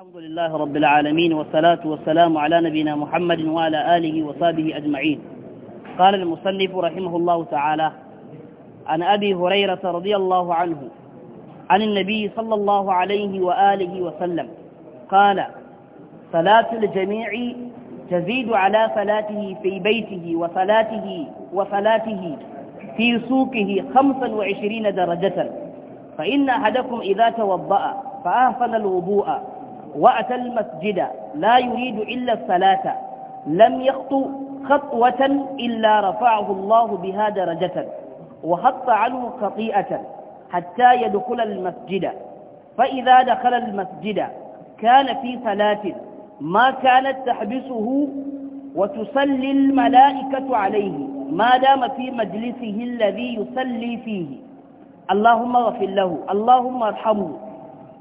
الحمد لله رب العالمين والصلاة والسلام على نبينا محمد وعلى آله وصحبه أجمعين قال المصنف رحمه الله تعالى عن أبي هريرة رضي الله عنه عن النبي صلى الله عليه وآله وسلم قال صلاة الجميع تزيد على صلاته في بيته وصلاته وصلاته في سوقه خمسا وعشرين درجة فإن أحدكم إذا توضأ فأهفن الوضوء وأتى المسجد لا يريد إلا الصلاة لم يخطو خطوة إلا رفعه الله بها درجة وحط عنه خطيئة حتى يدخل المسجد فإذا دخل المسجد كان في صلاة ما كانت تحبسه وتصلي الملائكة عليه ما دام في مجلسه الذي يصلي فيه اللهم اغفر له اللهم ارحمه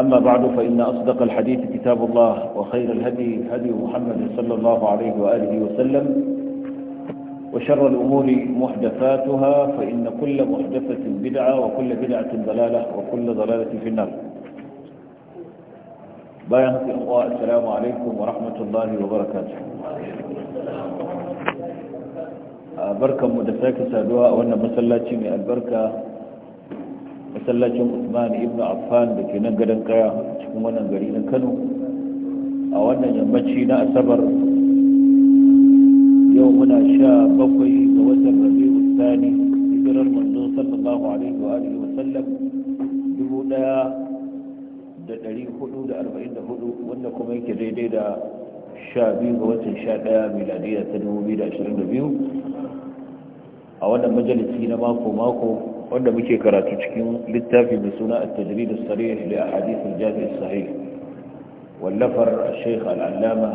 أما بعد فإن أصدق الحديث كتاب الله وخير الهدي هدي محمد صلى الله عليه وآله وسلم وشر الأمور محدثاتها فإن كل محدثة بدعة وكل بدعة ضلالة وكل ضلالة في النار بايعك إخوة السلام عليكم ورحمة الله وبركاته آه، بركة مدفاك سادوها وأن مسلاتي من البركة masallacin usman ibn affan da ke nan gadon kaya cikin wannan gari na kano a wannan yammaci na asabar yau muna sha bakwai ga watan rabi'u thani hijirar manzo sallallahu alaihi wa alihi wa sallam dubu daya da dari hudu da arba'in da hudu wanda kuma yake daidai da sha biyu ga watan sha daya miladiya ta dubu biyu da ashirin da biyu a wannan majalisi na mako mako wanda muke karatu cikin littafi mai suna at-tajrid as-sarih li ahadith al-jami' as-sahih wallafar al-shaykh al-allama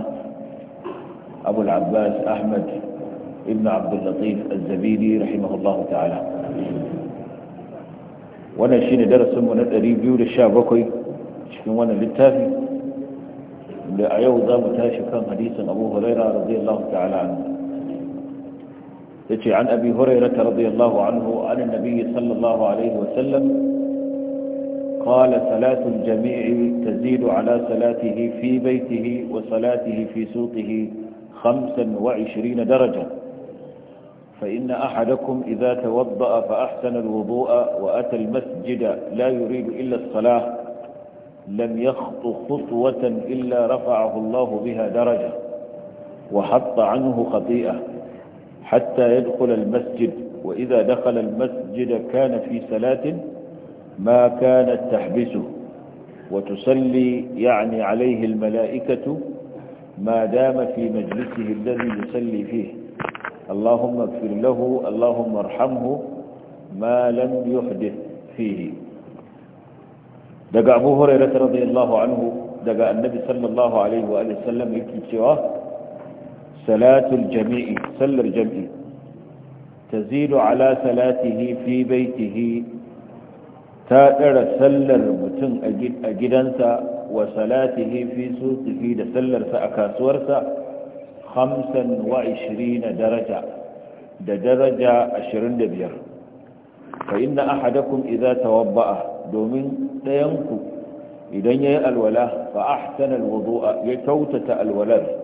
abu al-abbas ahmad ibn abd al-latif az-zabidi rahimahullah ta'ala wannan shine darasin mu na 217 cikin wannan littafi da a yau za mu tashi kan hadisin abu huraira radiyallahu ta'ala anhu يتي عن أبي هريرة رضي الله عنه عن النبي صلى الله عليه وسلم قال صلاة الجميع تزيد على صلاته في بيته وصلاته في سوقه خمسا وعشرين درجة فإن أحدكم إذا توضأ فأحسن الوضوء وأتى المسجد لا يريد إلا الصلاة لم يخطو خطوة إلا رفعه الله بها درجة وحط عنه خطيئة حتى يدخل المسجد وإذا دخل المسجد كان في صلاة ما كانت تحبسه وتصلي يعني عليه الملائكة ما دام في مجلسه الذي يصلي فيه اللهم اغفر له اللهم ارحمه ما لم يحدث فيه دقى أبو هريرة رضي الله عنه دقى النبي صلى الله عليه وآله وسلم يكتب سواه salatul jami'i sallar jami'i tazidu ala salatihi fi baitihi ta dara sallar mutum a gidansa wa salatihi fi suqihi da sallarsa a kasuwarsa 25 daraja da daraja 25 fa inna ahadakum idza tawabba'a domin ɗayanku idan yayi alwala fa ahsana alwudu'a ya kautata alwalar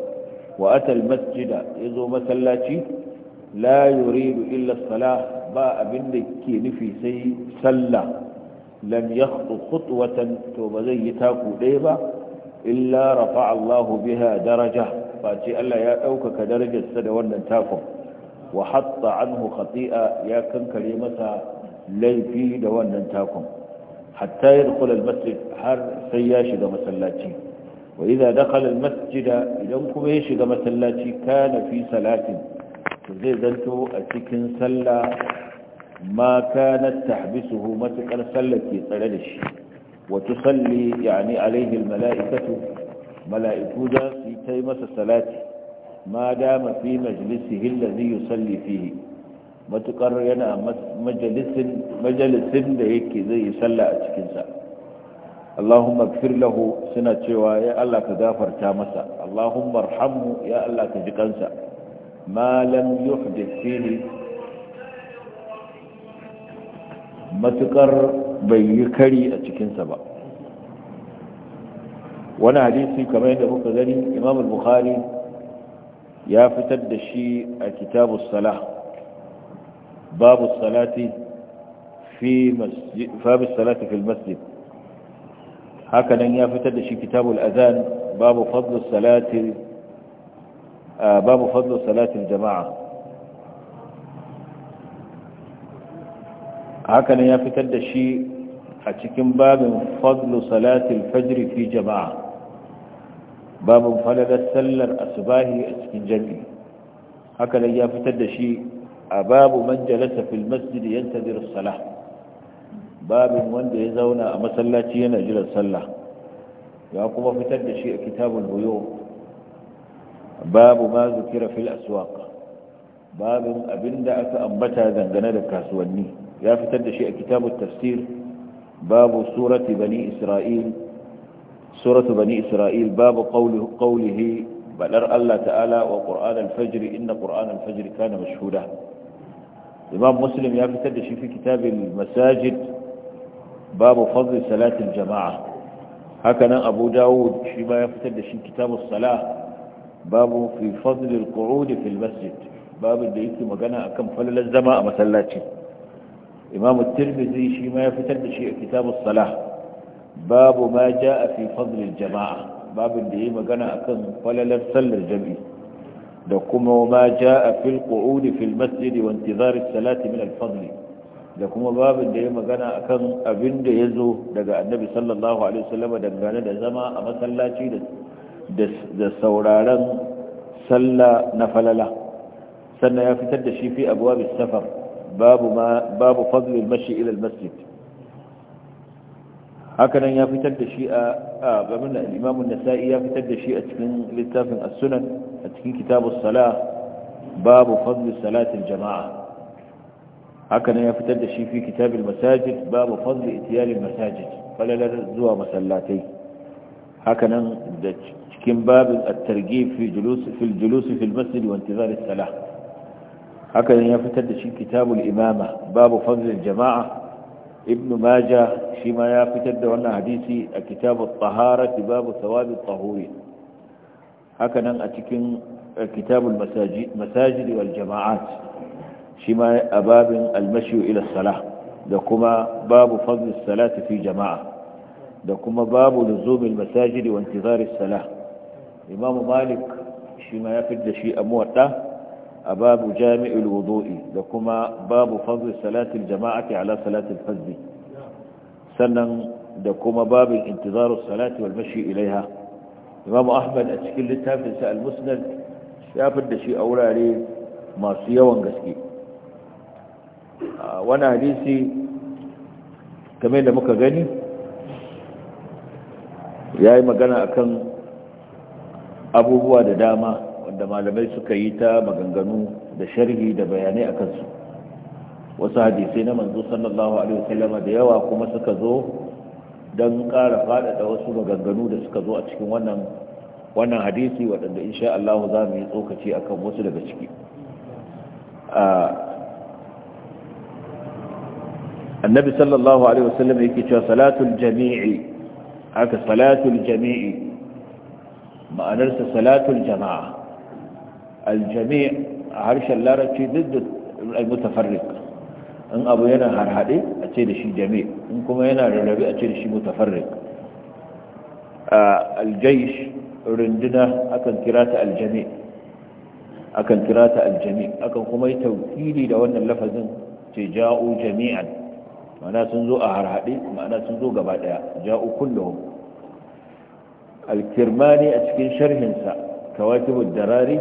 wa atal masjida ya zo masallaci la yuridu illa salah ba abin da ke nufi sai sallah lam yakhdu khutwatan to ba zai yi taku ɗaya ba illa rafa Allahu biha daraja face Allah ya ɗaukaka darajarsa da wannan takun wa hatta anhu khati'a ya kankare masa laifi da wannan takun hatta yadkhul al-masjid har sai ya shiga masallaci wa idza dakhala almasjida idan kuma ya shiga masallaci kana fi salatin zai zanto a cikin sallah ma kanat tahbisuhu matakar sallar ke tsare da shi wa tusalli yani alaihi almalaikatu mala'iku za su yi ta masa salati ma dama fi majalisihi allazi yusalli fihi matukar yana majalisin majalisin da yake zai yi sallah a cikinsa Allahumma gfir suna cewa ya Allah ka gafarta masa Allahumma arhamhu ya Allah ka ji kansa ma lam yuhdith Matuƙar bai yi kari a cikinsa ba wani hadisi kamar yadda muka gani imam al-bukhari ya fitar da shi a kitabu salah babu salati fi masjid haka nan ya fitar da shi kitabul azan babu fadlus salati babu fadlus salatin jama'a haka nan ya fitar da shi a cikin babin fadlu salatil fajr fi jama'a babin falalar sallar asubahi a cikin jami'i haka nan ya fitar da shi a babu man jalasa fil masjid yantazir salah babin wanda ya zauna a masallaci yana jiran sallah ya kuma fitar da shi a kitabun buyo babu ma zukira fil aswaq babin abinda aka ambata dangane da kasuwanni ya fitar da shi a kitabun tafsir babu surati bani isra'il suratu bani isra'il babu qawlihi badar Allah ta'ala wa qur'an al-fajr inna qur'an al-fajr kana mashhuda imam muslim ya fitar da shi fi kitabin masajid babu fadl salatin jama'a hakanan abu dawud shi ma ya fitar da shi kitabus sala babu fi fadl al-qu'ud fi al-masjid babu da yake magana akan falalar zama a masallaci imamu tirmidhi shi ma ya fitar da shi a kitabus sala babu ma jaa fi fadl jamaa babu da yake magana akan falalar sallar jami'i da kuma ma jaa fi al-qu'ud fi al-masjid wa intizar as-salati min al da kuma babin da ya magana akan abin da ya zo daga annabi sallallahu alaihi wasallam dangane da zama a masallaci da sauraron sallah na falala sannan ya fitar da shi fi abuwa safar babu ma babu fadlul mashi ila masjid hakanan ya fitar da shi a babin da imamu nasa'i ya fitar da shi a cikin littafin as-sunan a cikin kitabus salah babu fadlus salatin jama'a هكذا يا فتد في كتاب المساجد باب فضل اتيال المساجد فلا لا زوا مسلاتي هكذا كم باب الترجيب في جلوس في الجلوس في المسجد وانتظار الصلاة هكذا يا فتد كتاب الإمامة باب فضل الجماعة ابن ماجه شيما يا فتد وانا حديثي كتاب الطهارة باب ثواب الطهور هكذا اتكن كتاب المساجد مساجد والجماعات shi ma a babin almashiyu ila sala da kuma babu fadl salati fi jama'a da kuma babu luzumil masajidi wa intizari salah imam malik shi ma ya fidda shi a muwadda a babu jami'ul wudu'i da kuma babu fadl salati jama'ati ala salatin al sannan da kuma babin intizaru salati wal mashi ilaiha imam ahmad a cikin littafinsa sa al-musnad ya fidda shi a wurare masu yawan gaske wani hadisi game da muka gani ya yi magana akan abubuwa da dama wanda malamai suka yi ta maganganu da sharhi da bayanai a kansu wasu hadisai na manzo sallallahu alaihi wasallam da yawa kuma suka zo don ƙara faɗaɗa wasu maganganu da suka zo a cikin wannan wannan hadisi waɗanda insha Allah za mu yi tsokaci akan wasu daga ciki ah, النبي صلى الله عليه وسلم يكي تشوى صلاة الجميع هكا صلاة الجميع ما أنرس صلاة الجماعة الجميع عرش الله رجي ضد المتفرق إن أبو ينا هرحالي أتيري شي جميع إن كما ينا رجبي أتيري شي متفرق آه، الجيش رندنا أكن كراة الجميع أكن كراة الجميع أكن كما يتوكيلي لو أن اللفظ تجاؤوا جميعاً ma'ana sun zo a harhaɗe ma'ana sun zo gaba ɗaya ja'u kulluhum alkirmani a cikin sharhinsa kawatibud darari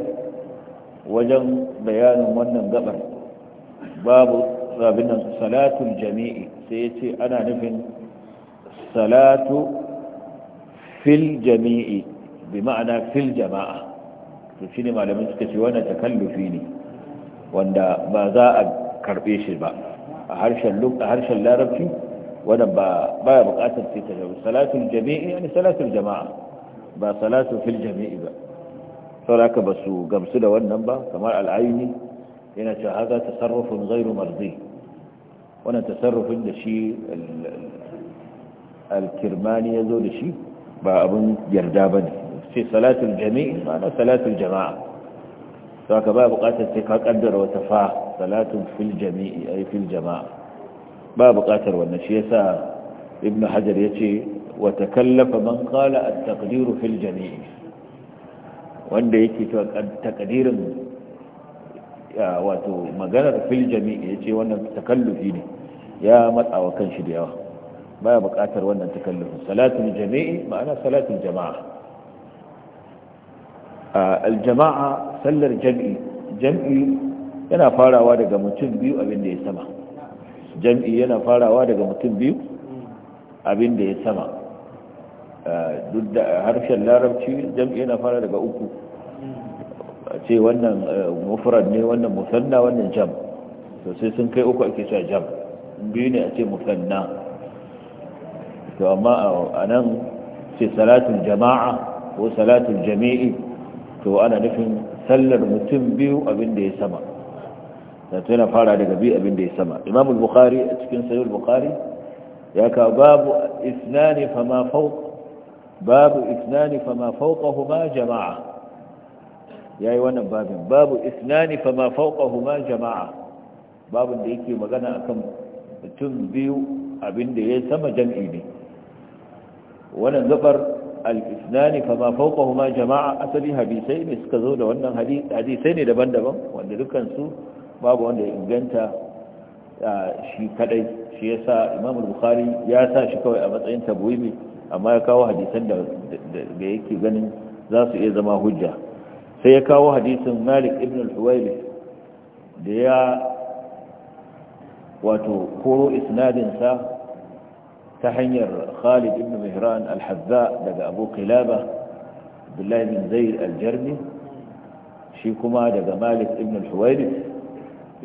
wajen bayanin wannan gabar babu abin nan salatul jami'i sai ya ce ana nufin salatu fil jami'i bi ma'ana fil jama'a shi ne malamin suka ce wannan takallufi ne wanda ba za a karbe shi ba a harshen larabci wannan ba baya bukatar sai tajawuz salatul jami'i yani salatul jama'a ba salatu fil jami'i ba sauraka ba su gamsu da wannan ba kamar al'ayini yana cewa haka tasarrufin ghairu marzi wannan tasarrufin da shi al-kirmani ya zo da shi ba abin yarda ba ne sai salatul jami'i ma'ana salatul jama'a saka ba buƙatar ce ka kaddara wata fa salatun fil jami'i ay fil jama'a ba buƙatar wannan shi yasa ibn hajar ce wa takallafa man qala at-taqdiru fil jami'i wanda yake to taqdirin wato maganar fil jami'i ce wannan takallufi ne ya matsawa kanshi da yawa ba buƙatar wannan takallufin salatul jami'i ma'ana salatul jama'a aljama'a sallar jam'i jam'i yana farawa daga mutum biyu abin da ya sama jam'i yana farawa daga mutum biyu abin da ya sama duk da harshen larabci jam'i yana fara daga uku a ce wannan mufrad ne wannan musanna wannan jam to sai sun kai uku ake cewa jam biyu ne a ce musanna to amma a nan ce salatul jama'a ko salatul jami'i to ana nufin sallar mutum biyu abin da ya sama zato yana fara daga biyu abin da ya sama imam al-bukhari a cikin sayyid bukhari ya ka babu isnani fama fawq babu isnani fama fawqahuma jama'a yayi wannan babin babu isnani fama fawqahuma jama'a babin da yake magana akan mutum biyu abin da ya sama jam'i ne wannan gabar al-ithnani fama fawqahuma jama'a asali hadisai ne suka zo da wannan hadisai ne daban-daban wanda dukan su babu wanda ya inganta shi kadai shi yasa Imam Bukhari ya sa shi kawai a matsayin tabwimi amma ya kawo hadisan da da yake ganin za su iya zama hujja sai ya kawo hadisin Malik ibn al da ya wato koro isnadin sa ta hanyar Khalid ibn Mihran al-Hazza daga Abu Qilaba Abdullah ibn Zayd al-Jarmi shi kuma daga Malik ibn al-Huwayrith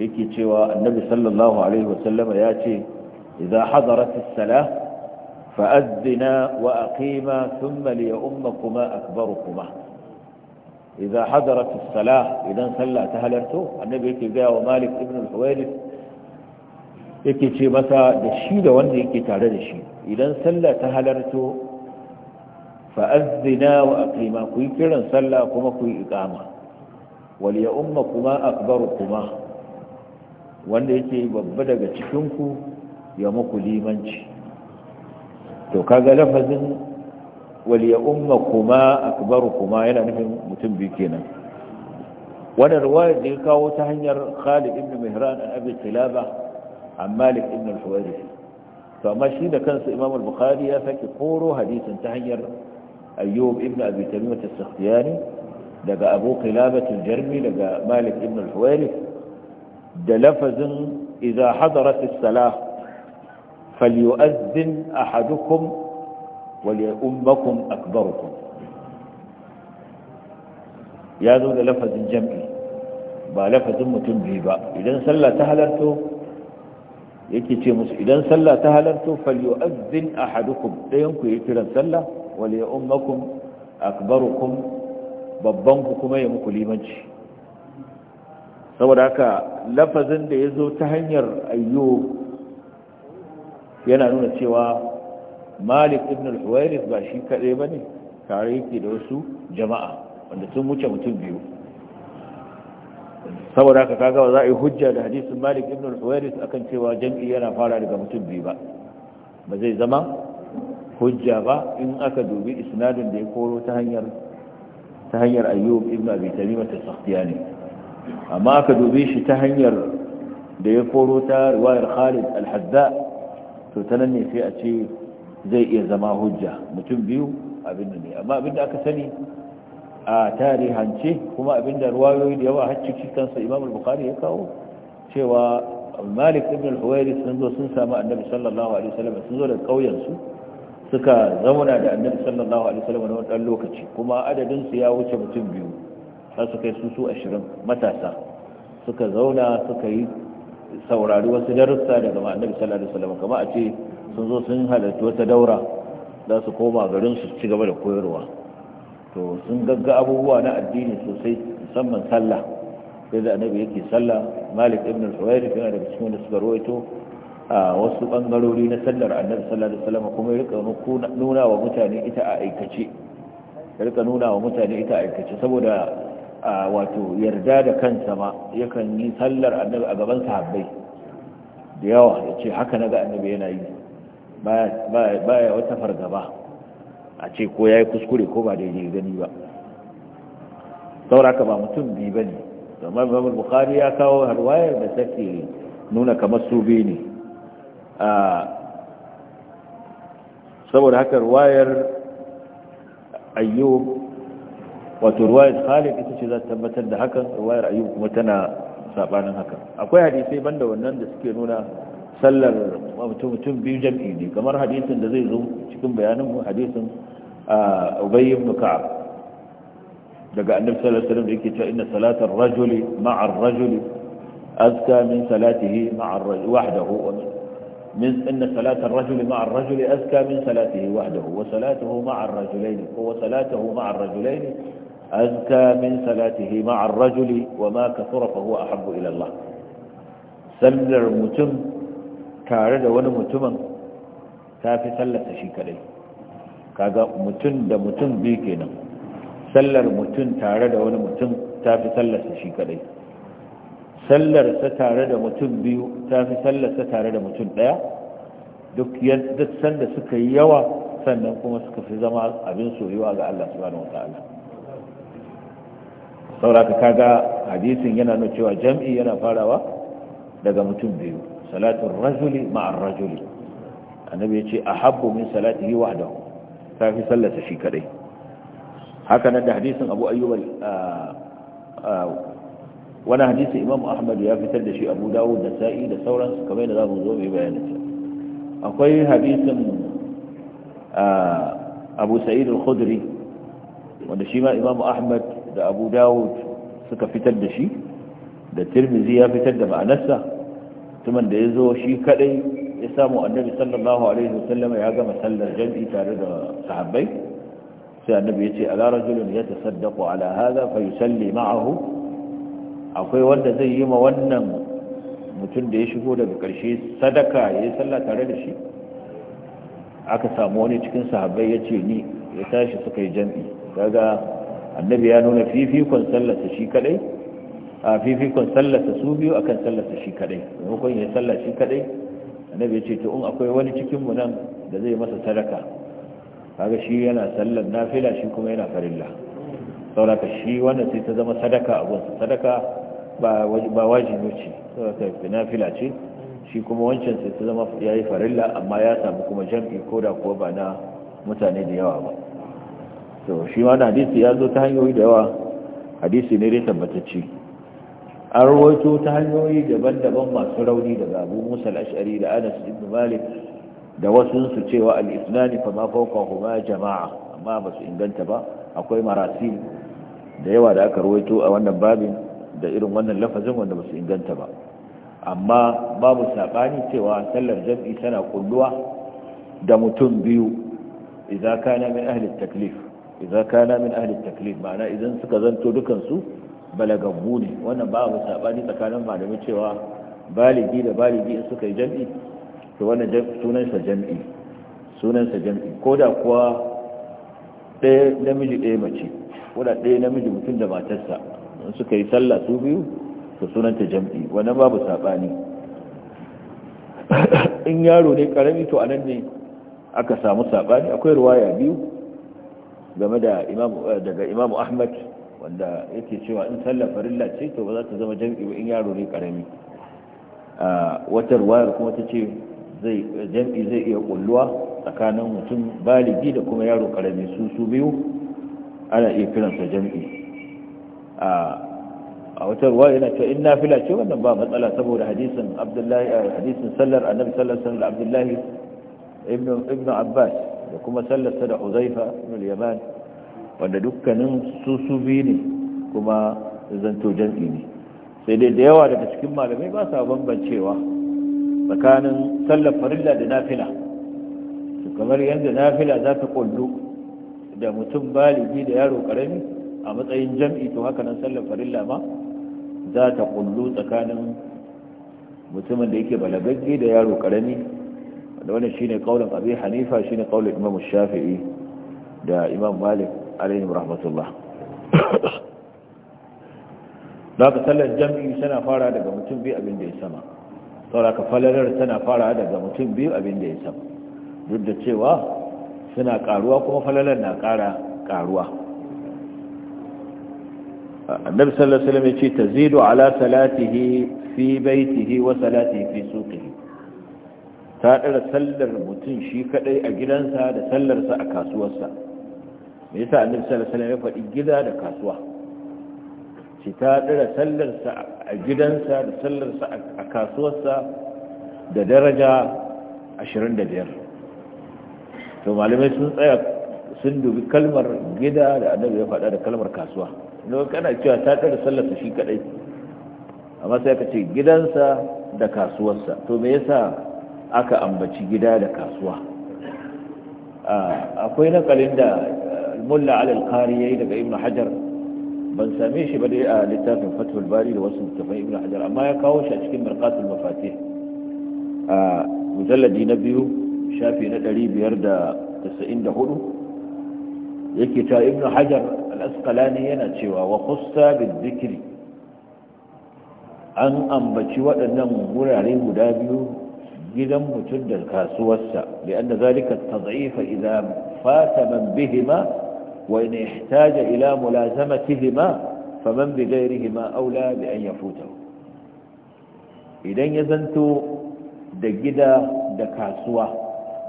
yake cewa Annabi sallallahu alaihi sallam ya ce idza hadarat as-salah fa'adhina wa aqima thumma liyummakuma akbarukuma idza hadarat as-salah idan sallah ta halarto Annabi yake ga wa Malik ibn al yake ce masa da shi da wanda yake tare da shi idan sallah ta halarto fa'azzina wa aqima ku yi kiran sallah kuma ku yi iqama umma kuma akbaru kuma wanda yake babba daga cikin ya muku limanci to kaga lafazin wal ya umma kuma akbaru kuma yana nufin mutum biyu kenan wannan riwayar da ya kawo ta hanyar Khalid ibn Mihran an Abi عن مالك ابن الحوارث فما شي كان امام البخاري يا حديث تهير ايوب ابن ابي تميمه السختياني لقى أبو قلابة الجرمي لقى مالك ابن الحويرث دلفز إذا حضرت الصلاة فليؤذن أحدكم وليؤمكم أكبركم يا ذو لفظ جمعي با لفظ متنبيبا إذا إذن صلى yake ce musu idan sallah ta halarto falyu'azzin ahadukum dayan ku yi kiran sallah wal ya'ummakum akbarukum babban ku kuma ya muku limanci saboda haka lafazin da yazo ta hanyar ayyo yana nuna cewa Malik ibn al-Huwairith ba shi kadai bane tare yake da wasu jama'a wanda sun wuce mutum biyu saboda haka kaga za a yi hujja da hadisin malik ibn al-huwairis akan cewa jam'i yana fara daga mutum biyu ba ba zai zama hujja ba in aka dubi isnadin da ya koro ta hanyar ta hanyar ayyub ibn abi tamim amma aka dubi shi ta hanyar da ya koro ta riwayar khalid al-hadda to ta nan ne sai a ce zai iya zama hujja mutum biyu abin ne amma abin da aka sani a tarihance kuma abinda ruwayoyi da yawa har cikin imam al-bukhari ya kawo cewa malik ibn al-huwairi sun zo sun samu annabi sallallahu alaihi wasallam sun zo da kauyen su suka zauna da annabi sallallahu alaihi wasallam na wannan lokaci kuma adadin su ya wuce mutum biyu har kai yi susu 20 matasa suka zauna suka yi saurari wasu darussa daga annabi sallallahu alaihi wasallam kamar a ce sun zo sun halarci wata daura za su koma garin su ci gaba da koyarwa to sun gagga abubuwa na addini sosai musamman sallah sai da annabi yake sallah malik ibn al-huwairi yana da cikin wanda suka rawaito a wasu bangarori na sallar annabi sallallahu alaihi wasallam kuma rika nuna wa mutane ita a aikace rika nuna wa mutane ita a aikace saboda wato yarda da kansa ma yakan yi sallar annabi a gaban sahabbai da yawa yace haka naga annabi yana yi baya baya wata fargaba a ce ko ya yi kuskure ko ba daidai gani ba sauraka ba mutum biyu ba ne zama imam bukhari ya kawo harwayar da take nuna kamar su bi ne saboda haka harwayar ayyub wato harwayar khalid ita ce za ta tabbatar da hakan harwayar ayyub kuma tana sabanin hakan akwai hadisai banda wannan da suke nuna sallar mutum biyu jam'i ne kamar hadisin da zai zo cikin bayanin hadisin آه، أبي بن كعب لقى النبي صلى الله عليه وسلم cewa inna salatar rajuli ma'a الرجل rajuli azka min salatihi ma'a ar-rajuli من ان صلاه الرجل مع الرجل أزكى من صلاته وحده وصلاته مع الرجلين وصلاته مع الرجلين أزكى من صلاته مع الرجل وما كثر فهو أحب إلى الله سلر متم كارد ونمتم تافي سلت شيك ليه kaga mutum da mutum biyu kenan sallar mutum tare da wani mutum ta fi sallarsa shi kadai sallarsa tare da mutum biyu ta fi sallarsa tare da mutum daya duk yadda sanda suka yi yawa sannan kuma suka fi zama abin soyuwa ga Allah subhanahu wataala sauraka kaga hadisin yana nuna cewa jam'i yana farawa daga mutum biyu salatu rajuli ma'ar rajuli annabi ya ce ahabbu min salatihi wahdahu ta fi sallarsa shi kadai haka nan da hadisin abu ayyub wani hadisi imam ahmad ya fitar da shi abu dawud da sa'i da sauransu kamar da za mu zo mai bayanin akwai hadisin abu sa'id al-khudri wanda shi ma imam ahmad da abu dawud suka fitar da shi da tirmizi ya fitar da ma'anarsa tuman da ya zo shi kadai ya samu annabi sallallahu alaihi wasallam ya gama sallar jam'i tare da sahabbai sai annabi ya ce ala rajulun ya ala hadha fa yusalli ma'ahu akwai wanda zai yi ma wannan mutum da ya shigo daga karshe sadaka ya yi sallah tare da shi aka samu wani cikin sahabbai ya ce ni ya tashi suka yi jam'i daga annabi ya nuna fifikon sallarsa shi kadai a fifikon sallarsa su biyu akan sallarsa shi kadai maimakon ya sallah shi kadai annabi ya ce to in akwai wani cikin mu nan da zai masa sadaka kaga shi yana sallar nafila shi kuma yana farilla saboda shi wannan sai ta zama sadaka a gonsa sadaka ba wajibi ce sauraka nafila ce shi kuma wancan sai ta zama ya yi farilla amma ya samu kuma jam'i ko da kuwa ba na mutane da yawa ba to shi wannan hadisi ya zo ta hanyoyi da yawa hadisi ne dai tabbatacce an rawaito ta hanyoyi daban-daban masu rauni daga abu musa al-ash'ari da anas ibn malik da wasu su cewa al-islami fa ma fawqahuma jama'a amma ba su inganta ba akwai marasil da yawa da aka rawaito a wannan babin da irin wannan lafazin wanda ba su inganta ba amma babu sabani cewa sallar jam'i tana kulluwa da mutum biyu idza kana min ahli taklif idza kana min ahli taklif ma'ana idan suka zanto dukansu balagaggu ne wannan ba mu sabani tsakanin malamai cewa baligi da baligi in suka yi jam'i to wannan sa jam'i sunansa jam'i ko da kuwa ɗaya namiji ɗaya mace ko da ɗaya namiji mutum da matarsa in suka yi sallah su biyu to sunanta jam'i wannan babu sabani in yaro ne karami to anan ne aka samu sabani akwai ruwaya biyu game da imamu daga imamu ahmad wanda yake cewa in sallar farilla ce to ba za ta zama jam'i ba in yaro ne karami a wata ruwayar kuma ta ce jam'i zai iya kulluwa tsakanin mutum baligi da kuma yaro karami su su biyu ana iya kiransa jam'i a wata ruwa yana cewa in fila ce wannan ba matsala saboda hadisin abdullahi hadisin sallar annabi abdullahi ibn abbas da kuma sallar da Uzaifa ibn yaman wanda dukkanin su su biyu ne kuma zanto jam'i ne sai dai da yawa daga cikin malamai ba sa bambancewa tsakanin sallar farilla da nafila su kamar yadda nafila za ta kullu da mutum baligi da yaro karami a matsayin jam'i to haka nan sallar farilla ma za ta kullu tsakanin mutumin da yake balagaggi da yaro karami wanda wani shine kaulin abi hanifa shine kaulin imam shafi'i da imam malik alaihim rahmatullah za ka sallar jam'i tana fara daga mutum biyu abin da ya sama sauraka falalar tana fara daga mutum biyu abin da ya sama duk da cewa suna karuwa kuma falalar na kara karuwa annabi sallallahu alaihi wasallam yace tazidu ala salatihi fi baitihi wa salatihi fi suqihi ta dara sallar mutum shi kaɗai a gidansa da sallarsa a kasuwarsa me yasa annabi sallallahu alaihi wasallam ya faɗi gida da kasuwa shi ta dira sallarsa a gidansa da sallarsa a kasuwarsa da daraja 25 to malamai sun tsaya sun dubi kalmar gida da annabi ya faɗa da kalmar kasuwa don kana cewa ta dira sallarsa shi kadai amma sai ka ce gidansa da kasuwarsa to me yasa aka ambaci gida da kasuwa ah, akwai nakalin da الملا على القاريين ده ابن حجر بن ساميش بدي آه، لتاف فتح الباري لوصل تفاي ابن حجر اما يكاوش اشكين مرقات المفاتيح آه، مجلد نبيو شافي ندري بيرد تسعين ده هدو يكي تا ابن حجر الاسقلاني ينتشوى وخصى بالذكر an ambaci waɗannan wurare guda biyu gidan mutum da kasuwarsa da yadda zalika ta zaifa idan fata وإن احتاج إلى ملازمتهما فمن بغيرهما أولى بأن يفوته إذن يزنت دقدا دكاسوا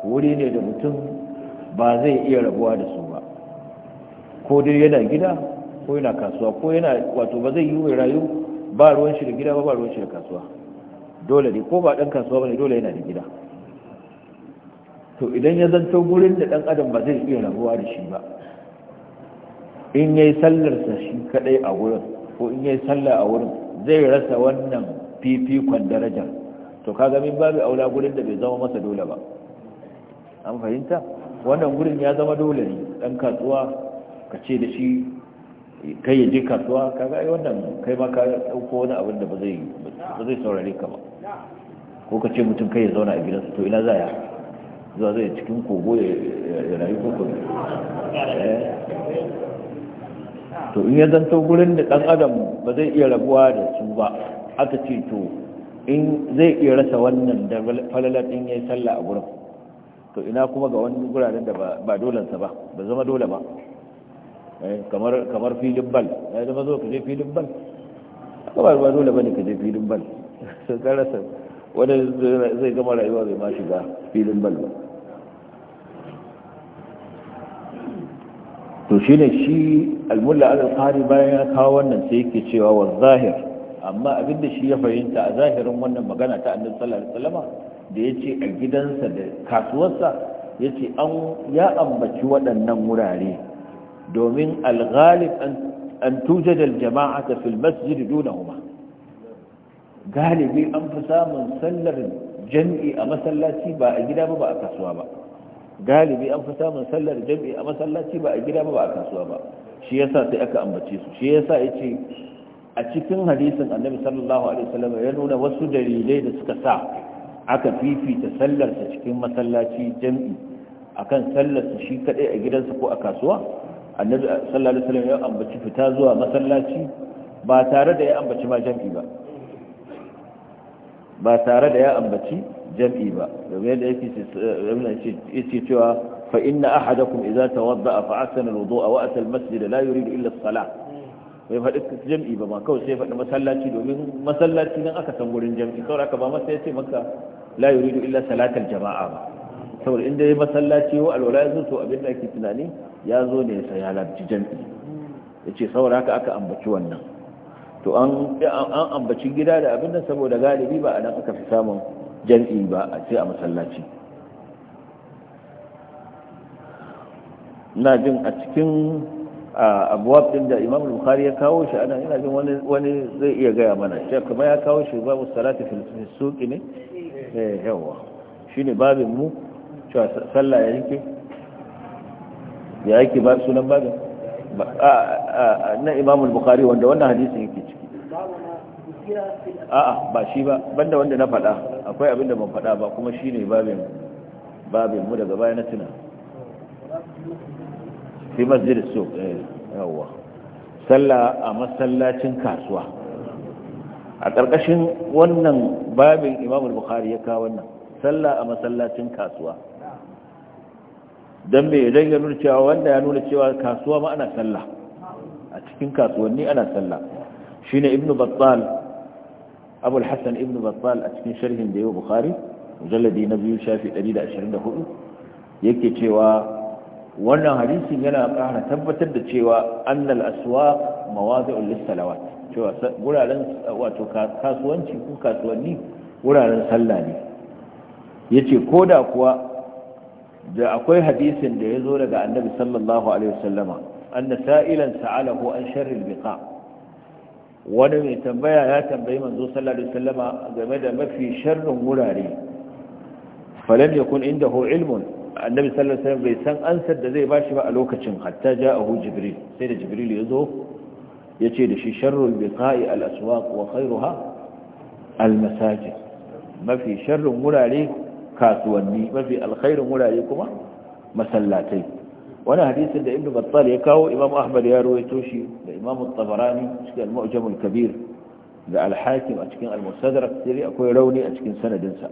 ولين يدمتم بازي إيربوا دسوا كودر ينا gida ko yana kasuwa ko yana wato ba zai yi wa rayu ba ruwan shi da gida ba ba ruwan shi da kasuwa dole ne ko ba dan kasuwa bane dole yana da gida to idan ya zanto gurin da dan adam ba zai iya rabuwa da shi ba in yayi sallarsa shi kadai a wurin ko in yayi sallar a wurin zai rasa wannan fifikon darajar to kaga min babu aula gurin da bai zama masa dole ba an fahimta wannan gurin ya zama dole ne dan kasuwa ka ce da shi kai ya je kasuwa kaga ai wannan kai ma ka dauko wani abin da ba zai ba saurare ka ba ko ka ce mutum kai ya zauna a gidansa to ina za ya zuwa zai cikin kogo ya rayu ko to in ya zanto gurin da ɗan adam ba zai iya rabuwa da su ba aka ce to in zai iya rasa wannan da falalar in ya yi sallah a gurin to ina kuma ga wani guraren da ba dolansa ba ba zama dole ba eh, kamar filin bal ya zama zo ka je filin bal kamar ba dole ba ne ka je filin bal sun karasa wani zai gama rayuwa zai ma shiga filin bal ba to shi ne shi almulla al-qari bayan ya kawo wannan sai yake cewa wa zahir amma abinda shi ya fahimta a zahirin wannan magana ta annabi sallallahu alaihi wasallam da yace a gidansa da kasuwarsa yace an ya ambaci waɗannan wurare domin al-ghalib an an tujad al-jama'ata fil masjid dunahuma galibi an fi samun sallar jami'i a masallaci ba a gida ba ba a kasuwa ba galibi an fi samun sallar jam'i a masallaci ba a gida ba ba a kasuwa ba shi yasa sai aka ambace su shi yasa ce a cikin hadisin annabi sallallahu alaihi wasallam ya nuna wasu dalilai da suka sa aka fifita sallar ta cikin masallaci jam'i akan sallar su shi kadai a gidansa ko a kasuwa annabi sallallahu alaihi wasallam ya ambaci fita zuwa masallaci ba tare da ya ambaci ma jam'i ba ba tare da ya ambaci jam'i ba domin yadda yake cewa fa inna ahadakum idza tawadda'a a ahsana al a wa'asar Masjida. la yuridu illa as-salah bai faɗi jam'i ba ma kawai sai faɗi masallaci domin masallaci nan aka san gurin jam'i kawai aka ba masa ya ce maka la yuridu illa salatar jama'a ba saboda inda ya masallaci wa alwala ya to abin da ake tunani ya zo ne sai ya larci jam'i Ya ce saboda haka aka ambaci wannan to an ambaci gida da abin nan saboda galibi ba a nan aka fi samun jam'i ba a ce a masallaci na jin a cikin abuwab din da imam bukhari ya kawo shi ana ina jin wani wani zai iya gaya mana shi kuma ya kawo shi babu salati fil suqi ne eh yawa shine babin mu cewa sallah ya yake ya yake ba sunan babin na imam bukhari wanda wannan hadisi yake a'a ba shi ba banda wanda na faɗa akwai abin da ban faɗa ba kuma shi ne babin babin mu daga baya na tuna fi masjid so eh, yawa sallah a masallacin kasuwa a ƙarƙashin wannan babin imam bukhari ya kawo wannan sallah a masallacin kasuwa dan me idan ya nuna cewa wanda ya nuna cewa kasuwa ma ana sallah a cikin kasuwanni ana sallah shine ibnu battal abu hassan ibn battal a cikin sharhin da yau bukhari mujalladi na biyu shafi 124 yake cewa wannan hadisin yana ƙara tabbatar da cewa annal aswaq mawazi'ul lissalawat cewa guraren wato kasuwanci ko kasuwanni wuraren sallah ne yace koda kuwa da akwai hadisin da yazo daga annabi sallallahu alaihi wasallama anna sa'ilan sa'alahu an sharri al-biqa' wani mai tambaya ya tambayi manzo sallallahu alaihi wasallama game da mafi sharrin wurare falam yakun indahu ilmun annabi sallallahu alaihi wasallam bai san ansar da zai bashi ba a lokacin hatta ja'ahu jibril sai da jibril ya zo ya ce da shi sharrul biqa'i al-aswaq wa khairuha al-masajid mafi sharrin wurare kasuwanni mafi alkhairin wurare kuma masallatai wani hadisin da ibnu battal ya kawo imam ahmad ya ruwaito shi da imam tabarani cikin al-mu'jam al-kabir da al-hakim a cikin al-mustadrak sai akwai rauni a cikin sanadin sa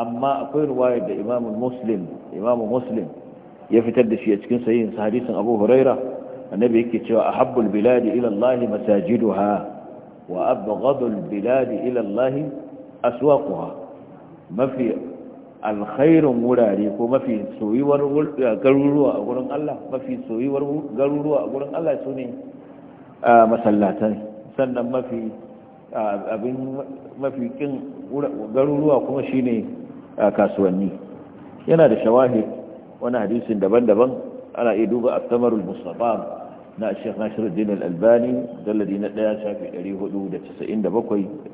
amma akwai riwayar da imam muslim imam muslim ya fitar da shi a cikin sahihin sa hadisin abu huraira annabi yake cewa ahabbul biladi ila allah masajiduha wa abghadul biladi ila allah aswaquha mafi alkhairun wurare ko mafi soyuwar eh, garuruwa a gurin Allah mafi soyuwar garuruwa a gurin Allah su ne ah, masallatan sannan mafi ah, abin mafi kin garuruwa kuma shine ah, kasuwanni yana da shawahid wani hadisin daban-daban ana iya duba astamarul mustafa na Sheikh Nasiruddin Al-Albani dalladi na 1 shafi 497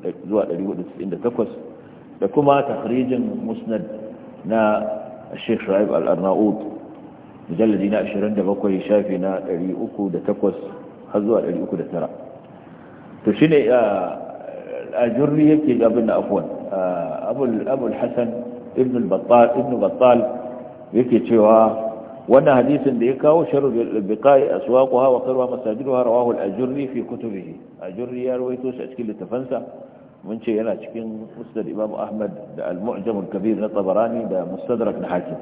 eh, zuwa 498 da kuma tafrijin musnad na sheikh shu'aib al-arnaud mujalladi na 27 shafi na 308 har zuwa 309 to shine al-ajurri yake abin da afwan abul hasan ibn al-battal ibn battal yake cewa wannan hadisin da ya kawo sharru biqai aswaquha wa qirwa masajiduha rawahu al-ajurri fi kutubihi ajurri ya rawaito shi a cikin littafansa mun ce yana cikin musnad imam ahmad da al-mu'jam kabir na tabarani da mustadrak na hakim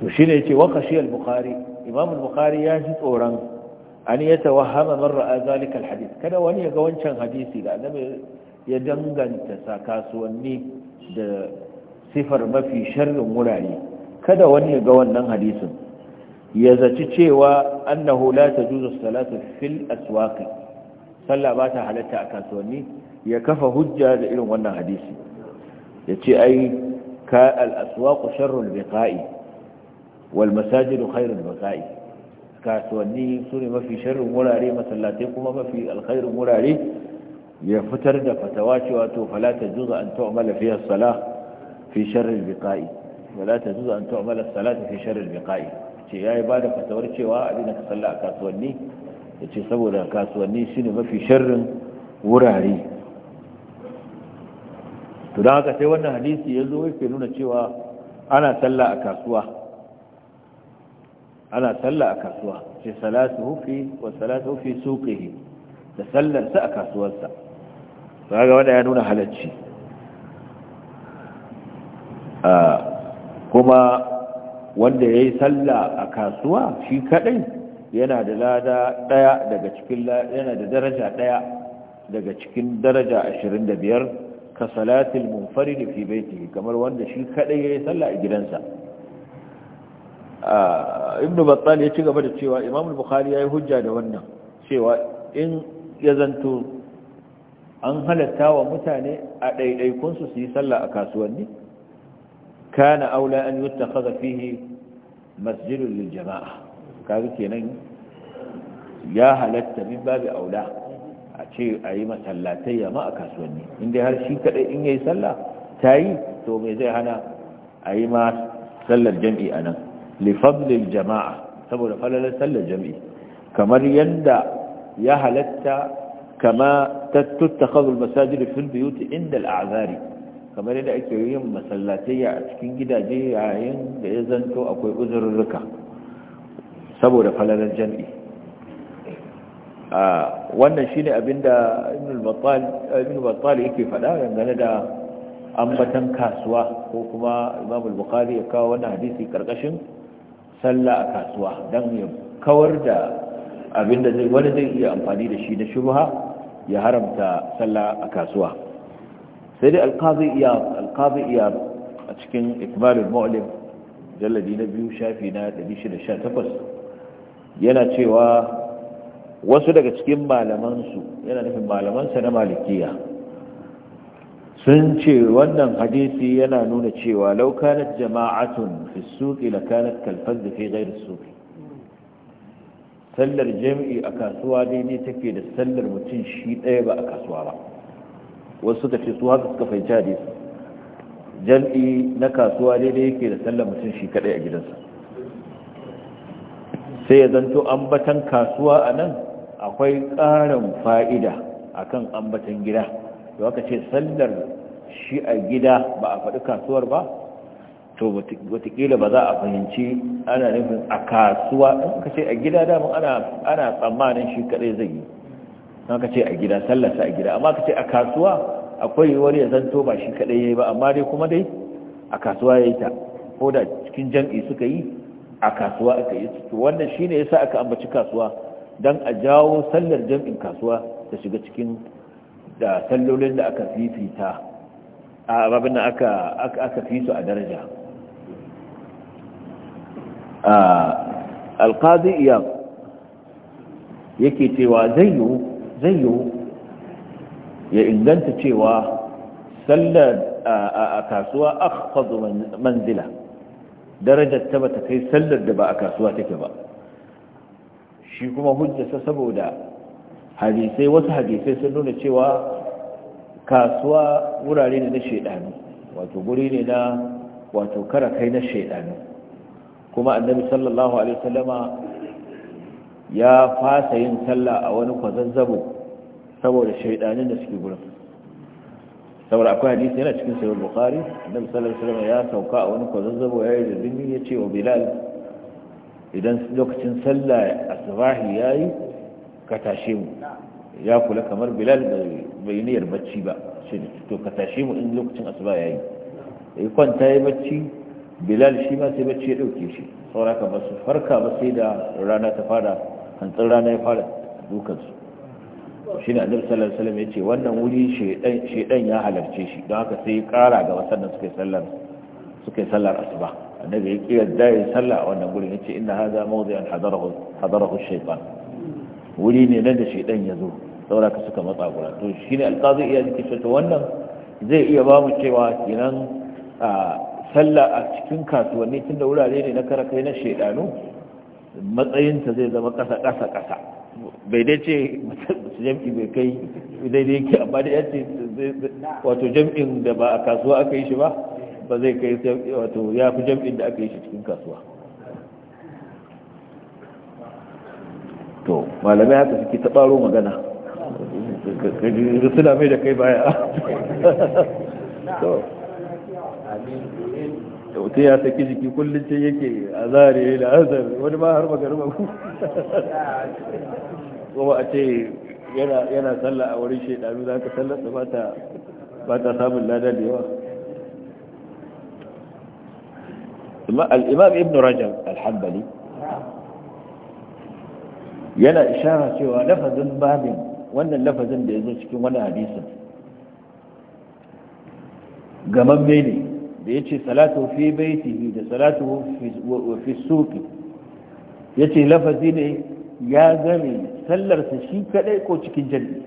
to shine yace wa khashiya al-bukhari imam al-bukhari ya ji tsoron an ya tawahama man ra'a zalika al-hadith kada wani ya ga wancan hadisi da annabi ya danganta sa kasuwanni da sifar mafi sharrin wurare kada wani ya ga wannan hadisin ya zaci cewa annahu la tajuzu salatu fil aswaqi sallah ba ta halatta a kasuwanni ya kafa hujja da irin wannan hadisi ya ce ai ka al'aswaku sharrul biqa'i wal masajidu khairul biqa'i kasuwanni su ne mafi sharrin wurare masallatai kuma mafi alkhairun wurare ya fitar da fatawa cewa to Falata ta juza an tu'mala fi as fi sharrin biqa'i Falata ta juza an tu'mala as-salatu fi sharril biqa'i ce ya yayi bada fatawar cewa abin da ka salla a kasuwanni ya ce saboda kasuwanni shi ne mafi sharrin wurare to don haka sai wannan hadisi ya zo yake nuna cewa ana sallah a kasuwa ana sallah a kasuwa ce salatu hufi wa salatu hufi suqihi da sallarsa a kasuwarsa kaga wanda ya nuna halacci kuma wanda ya yi sallah a kasuwa shi kaɗai? yana da lada daya daga cikin yana da daraja daya daga cikin daraja 25 ka salatil munfarid fi baitihi kamar wanda shi kadai yayi sallah a gidansa ibnu battal ya ci gaba da cewa imam al-bukhari yayi hujja da wannan cewa in ya zanto an halatta wa mutane a ɗaiɗaikunsu su yi sallah a kasuwanni kana aula an yi ta fihi masjidun jama'a kaga kenan ya halatta min babu aula a ce a yi masallatai ya ma a kasuwanni inda har shi kaɗai in yi sallah ta yi to me zai hana a yi ma sallar jam'i a nan lifadlil jama'a saboda falalar sallar jam'i kamar yadda ya halatta kama tattakhadul masajid fil buyut inda al'azari kamar yadda ake yin masallatai a cikin gidaje yayin da ya zanto akwai uzurruka saboda falalar jam'i a wannan shine da ibn battal yake faɗa dangane da ambatan kasuwa ko kuma imam al-bukhari ya kawo wannan hadisi karkashin sallah a kasuwa dan ya kawar da abinda zai wani zai iya amfani da shi na shubha ya haramta sallah a kasuwa sai dai alqazi iyab a cikin ikmal al-mu'lim jalladi na biyu shafi na 618 yana cewa wasu daga cikin malamansu yana nufin malamansa na malikiya sun ce wannan hadisi yana nuna cewa laukanat jama'atun fi suƙi la kanat kalfaz da fi gairu suƙi sallar jami'i a kasuwa dai daidai take da sallar mutum shi ɗaya ba a kasuwa ba wasu suka ce su haka suka fahimci hadisi jami'i na kasuwa daidai yake da sallar mutum shi kaɗai a gidansa sai ya zanto ambatan kasuwa a nan akwai ƙarin fa'ida akan ambatan gida da waka ce sallar shi a gida ba a faɗi kasuwar ba to watakila ba za a fahimci ana nufin a kasuwa in ka ce a gida damu ana tsammanin shi kaɗai zai yi ka ce a gida sallarsa a gida amma ka ce a kasuwa akwai wani ya zanto ba shi kaɗai ya yi ba amma dai kuma dai a kasuwa ya yi ta ko da cikin jam'i suka yi a kasuwa aka yi to wannan shine yasa aka ambaci kasuwa dan a jawo sallar jam'in kasuwa ta shiga cikin da sallolin da aka fifita a babin da aka fi su a daraja alqazi iyab yake cewa zai yiwu zai yiwu ya inganta cewa sallar a kasuwa akhfadu manzila darajar ta bata kai sallar da ba a kasuwa take ba shi kuma hujjasa saboda hadisai wasu hadisai sun nuna cewa kasuwa wurare ne na shaidanu wato guri ne na wato kara kai na shaidanu kuma annabi sallallahu alaihi wasallama ya fasa yin sallah a wani kwazazzabo saboda shaidanin da suke gurin saboda akwai hadisi yana cikin sahih bukhari annabi sallallahu alaihi wasallam ya sauka a wani kwazazzabo yayi da dumi ya ce wa bilal idan lokacin sallah asbahi yayi ka tashe mu ya kula kamar bilal bai niyyar bacci ba shi to ka tashe mu in lokacin asuba yayi yi kwanta ya bacci bilal shi ma sai bacci ya dauke shi sauraka ba su farka ba sai da rana ta fara hantsin rana ya fara dukansu shi ne annabi sallallahu alaihi wasallam yace wannan wuri shedan ya halarce shi don haka sai ya kara ga wasannan suka sallar suka sallar asuba annabi ya kira da ya sallah a wannan gurin yace inna hadha mawdi'an hadarahu hadarahu shaytan wuri ne nan da shedan ya zo saboda ka suka matsa gura to shine alqazi iya yake to wannan zai iya ba mu cewa kinan a sallah a cikin kasuwanni tunda wurare ne na karakai na shedanu matsayinta zai zama kasa kasa kasa bai dai ce jam'i bai kai daidai yake amma da yace wato jam'in da ba a kasuwa aka yi shi ba ba zai kai wato ya fi jam'in da aka yi shi cikin kasuwa to malamai haka suke ta ɓaro magana suna mai da kai baya to da ya saki jiki kullum ce yake a zare da azar wani ma har magarin abu kuma a ce yana sallah a wurin shaidanu za ka sallar da ba ta samun lada da yawa al'imam ibn rajab alhambali yana ishara cewa lafazin babin wannan lafazin da ya zo cikin wani hadisin gamamme ne da ya ce salatu fi baitihi da salatu fi suki ya ce lafazi ne ya game sallarsa shi kadai ko cikin jami'i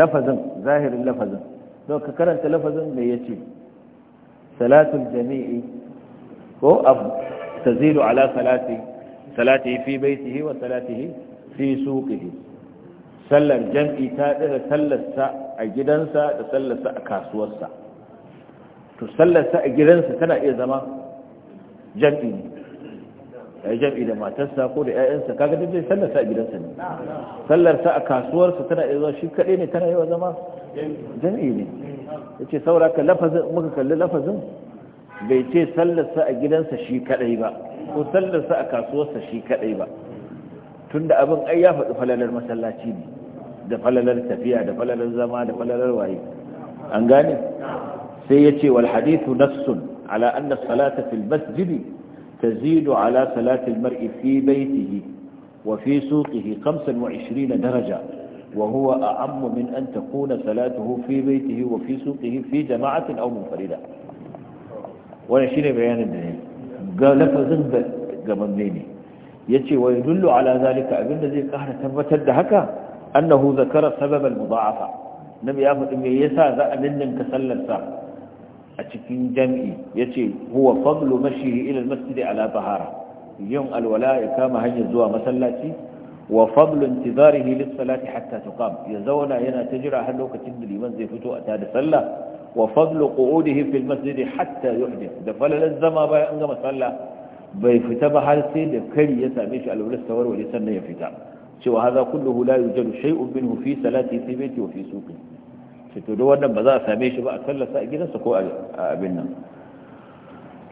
lafazin zahirin lafazin don ka karanta lafazin da ya ce salatul jami'i ko abu ta zilu ala salati salati fi baitihi wa salatihi fi suqihi sallar jam'i ta dira sallarsa a gidansa da sallarsa a kasuwarsa to sallarsa a gidansa tana iya zama jam'i ne ya jam'i da matarsa ko da 'ya'yansa kaga duk dai sallarsa a gidansa ne sallarsa a kasuwarsa tana iya zama shi kaɗai ne tana yawa zama jam'i ne ya ce sauraka lafazin muka kalli lafazin bai ce sallarsa a gidansa shi kaɗai ba ko sallarsa a kasuwarsa shi kaɗai ba tunda abin ai ya faɗi falalar masallaci ne da falalar tafiya da falalar zama da falalar waye an gane sai ya ce walhadithu nassun ala anna salata fil masjidi tazidu ala salati al mar'i fi baytihi wa fi suqihi 25 daraja wa huwa a'am min an takuna salatuhu fi baytihi wa fi suqihi fi jama'atin aw munfarida wa shine bayanin da ne ga lafazin da gaban ne ne yace wa yadullu ala zalika abinda zai kara tabbatar da haka annahu zakara sabab al mudha'afa nabi ya faɗi me yasa za a ninninka sallar sa a cikin jam'i yace huwa fadlu mashihi ila al-masjid ala bahara yin alwala ya kama hanyar zuwa masallaci wa fadlu intizarihi lis-salati hatta tuqam ya zauna yana ta jira har lokacin da liman zai fito a tada sallah wa fadlu qu'udihi fil masjid hatta yuhdith da falalan zama bayan an gama sallah bai fita ba har sai da kari ya same shi alwala sawarwale sannan ya fita cewa hadha kulluhu la yujadu shay'un minhu fi salati fi baiti wa fi suqi ce to wannan ba za a same shi ba a sallarsa a gidansa ko a abin nan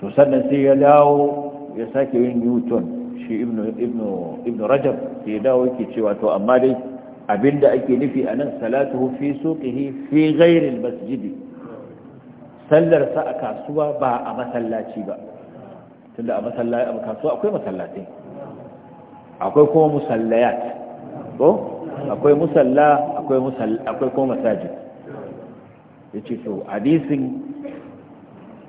to sannan sai ya dawo ya sake yin newton shi ibnu rajab sai ya dawo yake cewa to amma dai abinda ake nufi a nan salatuhu fi suqihi fi ghairil masjidi sallarsa a kasuwa ba a masallaci ba tunda a masallaci a kasuwa akwai masallaci. akwai kuma musallayat ko akwai musalla akwai kuma masajid ya ce to hadisin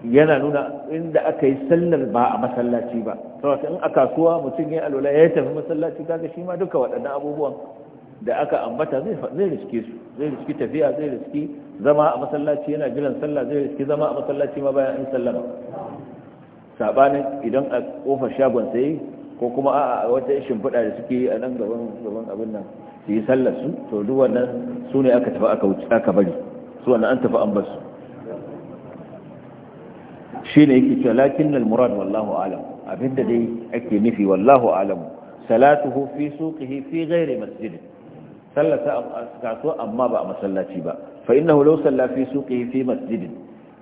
yana nuna inda aka yi sallar ba a masallaci ba saboda in a kasuwa mutum ya alwala ya tafi masallaci kaga shi ma duka waɗannan abubuwan da aka ambata zai riske su zai riski tafiya zai riski zama a masallaci yana jiran sallah zai riski zama a masallaci ma bayan in sallama sabanin idan a kofar shagon sai ko kuma a wata ishin fada da suke a nan gaban gaban abin nan su yi sallar su to duk wannan su ne aka tafi aka bari su wannan an tafi an basu shi ne yake cewa lakin al murad wallahu alam abinda dai ake nufi wallahu alam salatuhu fi suqihi fi ghairi masjid sallata a kasuwa amma ba a masallaci ba fa innahu law salla fi suqihi fi masjid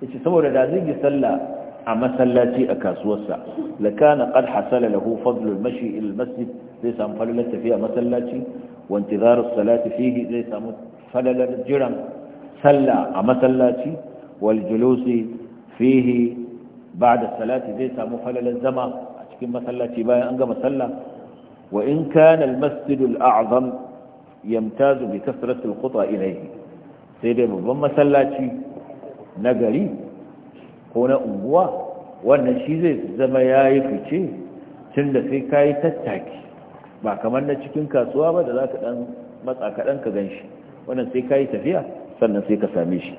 yace saboda da zai yi salla a masallaci a kasuwarsa la kana qad hasala lahu fadlu al mashi ila al zai samu falalar tafiya masallaci wa intizar as salati fihi zai samu falalar jiran sallah a masallaci wal julusi ba da salati zai samu falalin zama a cikin masallaci bayan an gama salla wa in kana al masjid a'zam yamtazu bi kasrati al ilayhi sai dai babban masallaci na gari ko na unguwa wannan shi zai zama yayi fice tun da sai kayi tattaki ba kamar na cikin kasuwa ba da zaka dan matsa kadan ka ganshi wannan sai kayi tafiya sannan sai ka same shi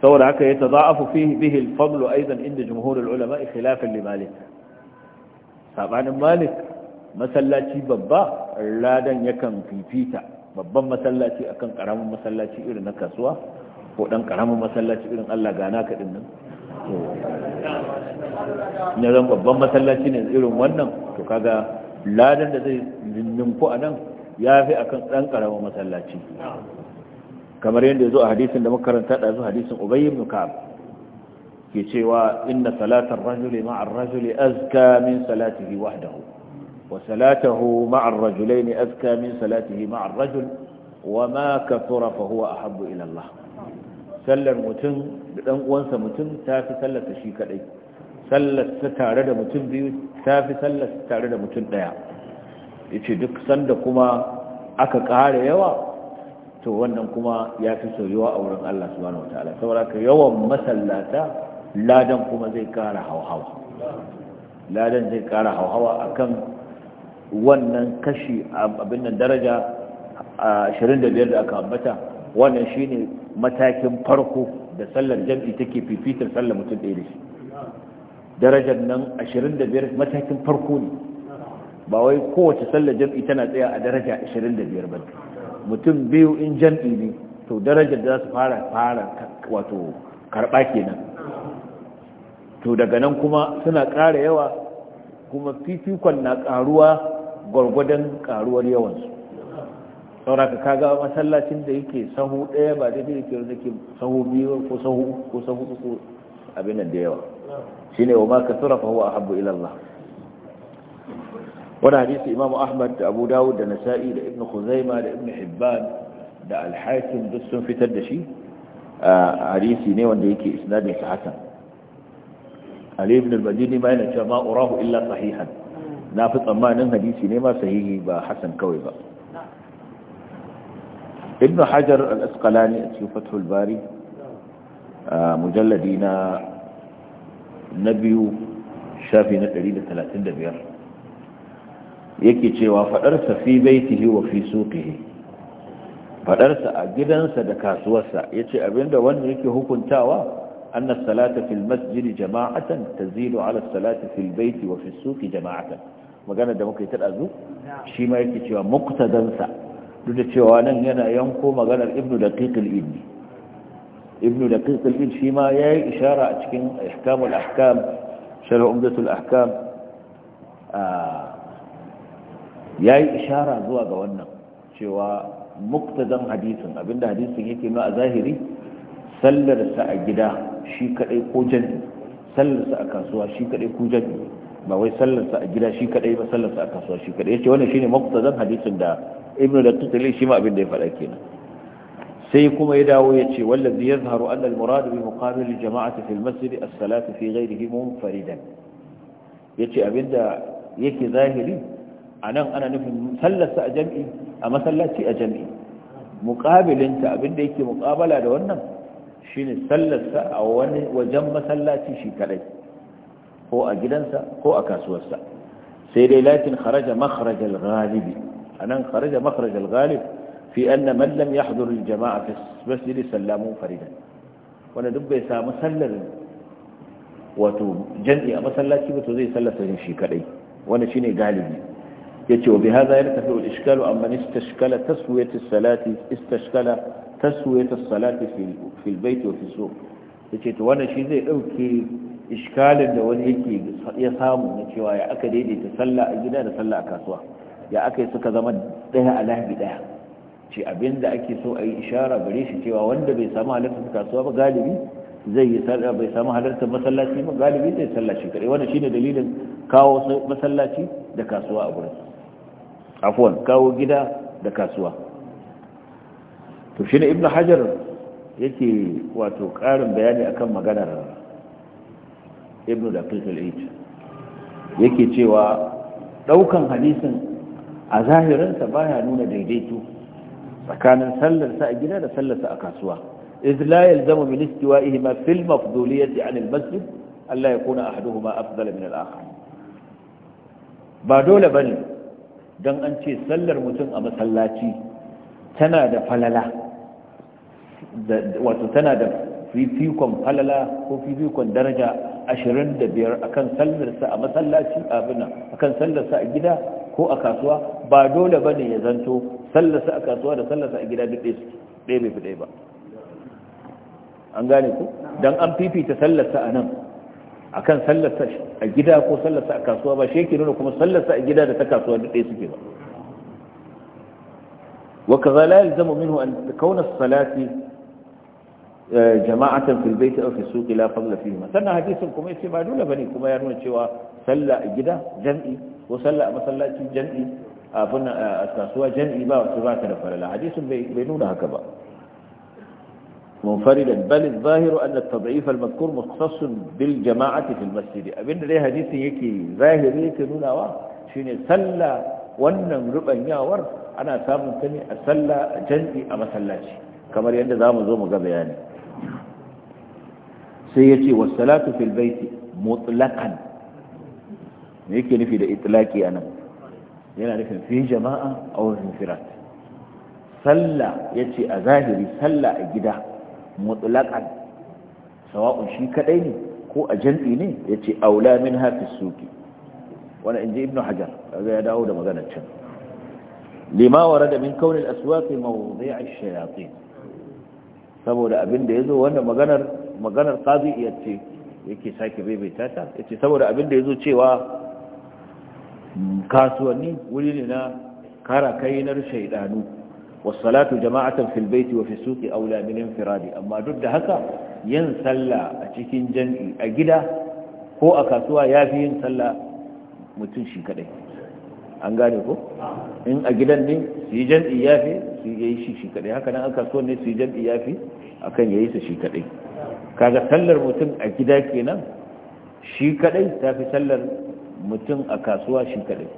saboda haka ya a fi bihi al-fadl aidan inda jumhurul ulama khilafan li malik sabanin malik masallaci babba ladan yakan fifita babban masallaci akan karamin masallaci irin na kasuwa ko dan karamin masallaci irin Allah gana ka din nan to ne ran babban masallaci ne irin wannan to kaga ladan da zai ninnin ku anan ya fi akan ɗan ƙaramin masallaci kamar yadda ya zo a hadisin da makaranta ɗazu hadisin ubayi ibn ka'ab ke cewa inna salatar rajuli ma'ar rajuli azka min salatihi wahdahu wa salatahu ma'ar ne azka min salatihi ma'ar rajul wa ma ka fa huwa a ila Allah sallar mutum da ɗan uwansa mutum ta fi sallar shi kaɗai, sallar ta tare da mutum biyu ta fi sallar tare da mutum ɗaya. yace duk sanda kuma aka ƙara yawa to wannan kuma ya fi soyuwa a wurin Allah subhanahu wataala saboda ka yawan masallata ladan kuma zai ƙara hauhawa ladan zai ƙara hauhawa akan wannan kashi abin nan daraja 25 da aka ambata wannan shine matakin farko da sallar jam'i take fifitar sallar mutum ɗaya da shi darajar nan 25 matakin farko ne ba wai kowace sallar jam'i tana tsaya a daraja 25 ba mutum biyu in jam'i ne to darajar da za su fara fara wato karɓa kenan to daga nan kuma suna ƙara yawa kuma fifikon na ƙaruwa gwargwadon ƙaruwar yawansu saura ka kaga masallacin da yake sahu ɗaya ba daidai yake ke sahu biyu ko sahu ko sahu ko abin da yawa shine wa ma kasura fa huwa ahabbu ila Allah wani hadisi imam ahmad da abu dawud da nasa'i da ibn khuzaima da ibn hibban da al-hakim duk sun fitar da shi hadisi ne wanda yake isnadin sa hasan ali ibn al-madini ma yana cewa ma urahu illa sahihan na fi tsammanin hadisi ne ma sahihi ba hasan kawai ba ibn hajar al-asqalani a cikin fathul bari mujalladi na na biyu shafi na 135 yake cewa fadarsa fi baitihi wa fi suqihi fadarsa a gidansa da kasuwarsa yace abinda wanda yake hukuntawa anna salata fil masjid jama'atan tazilu ala salati fil baiti wa fi suqi jama'atan magana da muka yi ta dazu shi ma yake cewa muqtadansa duk da cewa nan yana yanko maganar ibnu daqiq al-ibni ibnu daqiq al-ibni shi ma yayi ishara a cikin ihkamul ahkam sharh umdatul ahkam ah ya yi ishara zuwa ga wannan cewa muktazan hadisin abinda hadisin yake nuna a zahiri sallarsa a gida shi kadai ko jami'i sallarsa a kasuwa shi kadai ko jami'i ba wai sallarsa a gida shi kadai ba sallarsa a kasuwa shi kadai yace wannan shine muktadan hadisin da ibnu da tutali shi ma abinda ya faɗa kenan sai kuma ya dawo ya ce wallazi yazharu anna al-murad bi muqabil al-jama'ati fi al-masjid as-salatu fi ghayrihi munfaridan yace abinda yake zahiri a nan ana nufin sallarsa a jam'i a masallaci a jam'i muƙabilinta abinda yake muƙabala da wannan shi ne sallarsa a wani wajen masallaci shi kadai ko a gidansa ko a kasuwarsa sai dai lakin kharaja makharajal ghalibi a nan kharaja makharajal ghalib fi anna man lam yahdhur al jama'a fi masjid sallamu faridan wanda duk bai samu sallar wato jam'i a masallaci ba to zai sallarsa shi kadai wanda shine galibi yace wa bihadha yartafi al-ishkal amma istashkala taswiyat as-salati istashkala taswiyat as-salati fi al-bayt ta fi as-suq yace to wannan shi zai dauke iskalin da wani yake ya samu na cewa ya aka daidaita sallah a gida da sallah a kasuwa ya aka yi suka zama daya a lahi daya ce abin da ake so a yi ishara gare shi cewa wanda bai samu halartar kasuwa ba galibi zai yi bai samu halartar masallaci ba galibi zai sallah shi kare wannan shine dalilin kawo masallaci da kasuwa a gurin afwan kawo gida da kasuwa to shi ne ibn hajar yake wato ƙarin bayani akan maganar ibn da al yake cewa ɗaukan hadisin a zahirinsa baya nuna daidaito tsakanin sallarsa a gida da sallarsa a kasuwa إذ لا يلزم من استوائهما في المفضولية عن المسجد ألا يكون أحدهما أفضل من الآخر ba dole ne. don an ce sallar mutum a masallaci tana da falala wato tana da fifikon falala ko fifikon daraja ashirin da biyar a kan sallarsa a masallaci abinan a kan sallarsa a gida ko a kasuwa ba dole ba ne ya zanto sallarsa a kasuwa da sallarsa a gida duk ɗaya fi ɗaya ba an gane ku don an fifita sallarsa a nan akan sallarsa a gida ko sallarsa a kasuwa ba shi yake nuna kuma sallarsa a gida da ta kasuwa duk ɗaya suke ba wa kaza la yalzamu minhu an kauna salati eh, jama'atan fil bayti aw fi suq la fadla fihi sannan hadisin kuma yace ba dole bane kuma ya nuna cewa sallah a gida jam'i ko sallah a masallaci jam'i eh, a kasuwa jam'i ba wata ba ta da farala hadisin bai nuna haka ba منفردا بل الظاهر أن التضعيف المذكور مختص بالجماعة في المسجد أبن ليه حديث يكي ظاهر يكي نونا وا شين سلا ونن ربن ياور أنا سامن تني أسلا جنئي أما سلاتي كما لأن دام زوم قبل يعني سيتي والصلاة في البيت مطلقا يكي نفي لإطلاقي أنا yana nufin fi jama'a a wurin firat sallah ya ce a zahiri sallah a gida mutlaqan sawa'un shi kadai ne ko a jam'i ne yace aula min hafi suki wala inji ibnu hajar kaga ya dawo da maganar can lima warada min kaun al-aswaq mawdi' ash saboda abin da zo wanda maganar maganar qadi yace yake sake baibaita ta yace saboda abin da ya zo cewa kasuwanni wuri ne na kara kai na shaidanu والصلاة جماعة في البيت وفي السوق أولى من انفراد أما ضد هكا ين صلى أتشكين جنئي أجدا هو أكاسوا yin sallah صلى shi كده an gane ko in a gidan ne su yi jam'i yafi su yi shi shi kadai haka nan aka kasuwa ne su yi jam'i yafi akan yayi su shi kadai kaga sallar mutum a gida kenan shi kadai tafi sallar mutum a kasuwa shi kadai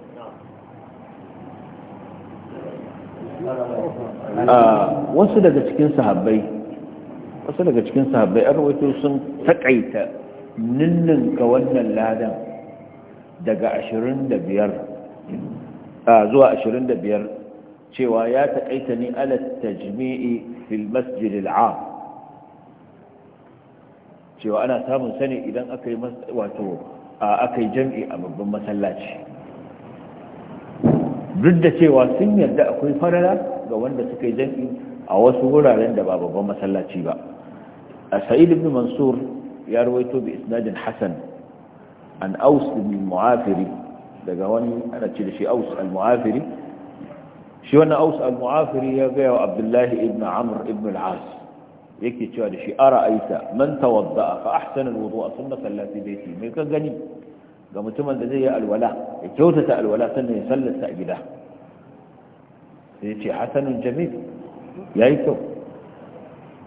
Ah, wasu daga cikin sahabbai wasu daga cikin sahabbai an rawaito sun ninnin ga wannan ladan daga 25 zuwa 25 cewa ya taƙaita ni ala tajmi'i fil masjid al'am cewa ana samun sani idan aka yi wato aka yi jam'i a babban masallaci duk da cewa sun yarda akwai farara ga wanda suka yi a wasu wuraren da ba babban masallaci ba a sa'id ibn mansur ya rawaito bi isnadin hasan an aus ibn mu'afiri daga wani ana ce da shi aus al-mu'afiri shi wannan aus al-mu'afiri ya ga wa abdullahi ibn amr ibn al-as yake cewa da shi ara aita man tawadda fa ahsana al-wudu'a thumma sallati baiti mai ka gani ga mutumin da zai yi alwala ya kyautata alwala sannan ya sallata a gida sai ce hasanun jamil ya yi kyau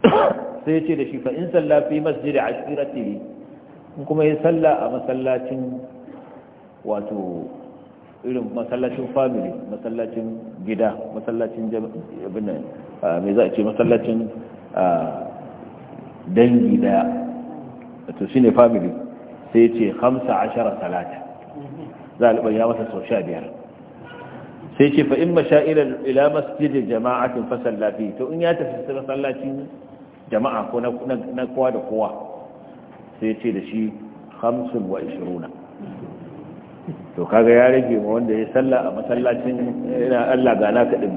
sai ce da shi fa in salla fi masjid ashiratihi in kuma ya salla a masallacin wato irin masallacin family masallacin gida masallacin abin mai za a ce masallacin dangi daya wato shine family sai ce 15 salata za a ya masa sau 15 sai ce fa in masha'ira ila masjidin jama'atin fa sallafi to in ya tafi sai masallacin jama'a ko na kowa da kowa sai ce da shi 25 to kaga ya rage ma wanda ya salla a masallacin ina Allah gana kadin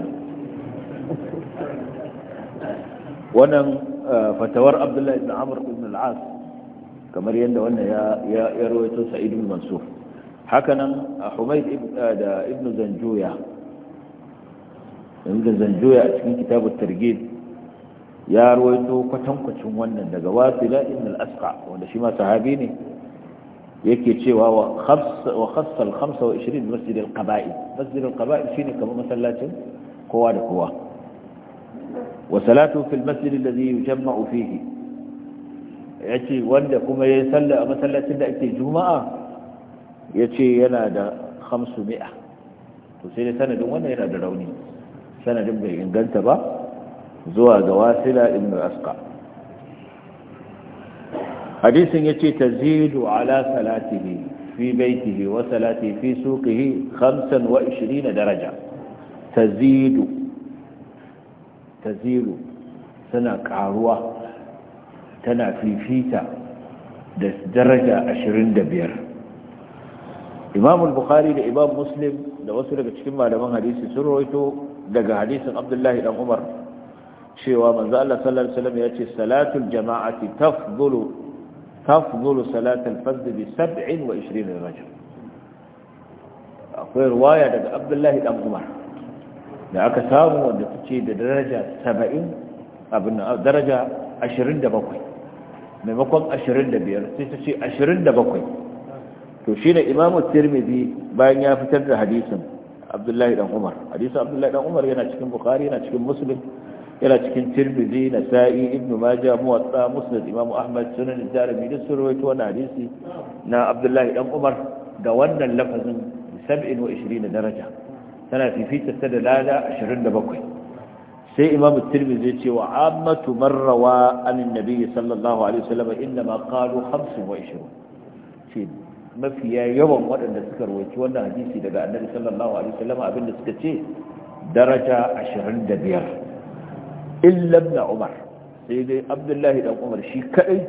wannan eh, fatawar Abdullahi ibn Amr ibn al kamar yadda wannan ya ya rawaito Sa'id ibn Mansur hakanan a humaid eh, da ibn zanjuya ibn zanjuya a cikin kitabun targib ya ruwaito kwatankwacin wannan daga wasila ibn al-asqa wanda shi ma sahabi ne yake cewa wa khassa al-khamsa wa 20 masjid al-qaba'id masjid al-qaba'id shine kamar masallacin kowa da kowa wa salatu fi al-masjid alladhi yujma'u fihi yace wanda kuma ya sallah a masallacin da ake juma'a ya ce yana da hamsu mi'a to sai dai sanadin wannan yana da rauni sanadin bai inganta ba zuwa ga wasila ibn aska hadisin ya ce ta zidu ala salatihi fi baitihi wa salati fi suqihi 25 daraja tazidu tazidu tana karuwa tana fifita da daraja 25 imam bukhari da imam muslim da wasu daga cikin malaman hadisi sun roito daga hadisin abdullahi dan umar cewa manzo Allah sallallahu alaihi wasallam ya ce salatul jama'ati tafdhulu tafdhulu salatul fard bi 27 rajul akwai riwaya daga abdullahi dan umar da aka samu wanda tace da daraja 70 abin daraja 27 maimakon 25 sai ta ce 27 to shi ne imamu tirmidhi bayan ya fitar da hadisin abdullahi dan umar hadisin abdullahi dan umar yana cikin bukhari yana cikin muslim yana cikin tirmidhi nasa'i ibnu majah muwatta musnad imam ahmad sunan darimi da surwaito wannan hadisi na abdullahi dan umar da wannan lafazin 27 daraja tana fifita ta da lada 27 sai imam tirmidhi ya ce wa ammatu marrawa anin nabi sallallahu alaihi wasallam inna ma qalu 25 mafiya yawan waɗanda suka rawaci wannan hadisi daga annabi sallallahu alaihi wasallam abinda suka ce daraja 25 illa ibn umar sai dai abdullahi dan umar shi kadai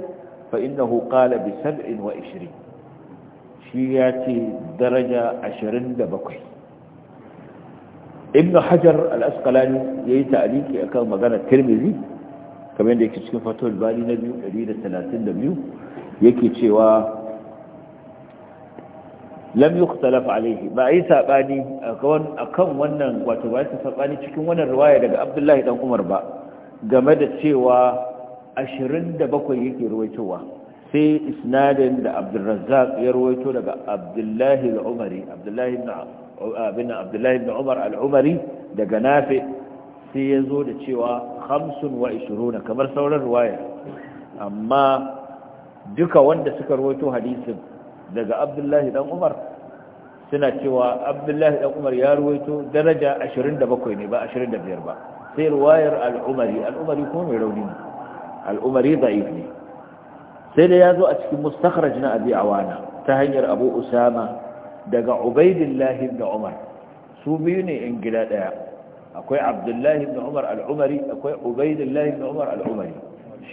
fa innahu qala bi 27 shi ya ce daraja 27 ibn hajar al-asqalani yayi ta'aliki akan magana tirmidhi kamar da yake cikin fatul bali na 232 yake cewa lam yukhtalafa alayhi ba ai sabani akan wannan wato ba ta sabani cikin wannan riwaya daga Abdullahi dan Umar ba game da cewa 27 yake ruwaitowa sai isnadin da Abdurrazzaq ya ruwaito daga Abdullahi al-Umari Abdullahi ibn Abdullahi ibn Umar al-Umari daga Nafi sai ya zo da cewa 25 kamar sauran riwaya amma duka wanda suka ruwaito hadisin daga abdullahi dan umar suna cewa abdullahi dan umar ya ruwaito daraja 27 ne ba 25 ba sai ruwayar al'umari al'umari kuma mai rauni ne al'umari da'if ne sai da ya zo a cikin mustakhraj na abi awana ta hanyar abu usama daga ubaidillahi ibn umar su biyu ne in gida daya akwai abdullahi ibn umar al'umari akwai ubaidillahi ibn umar al'umari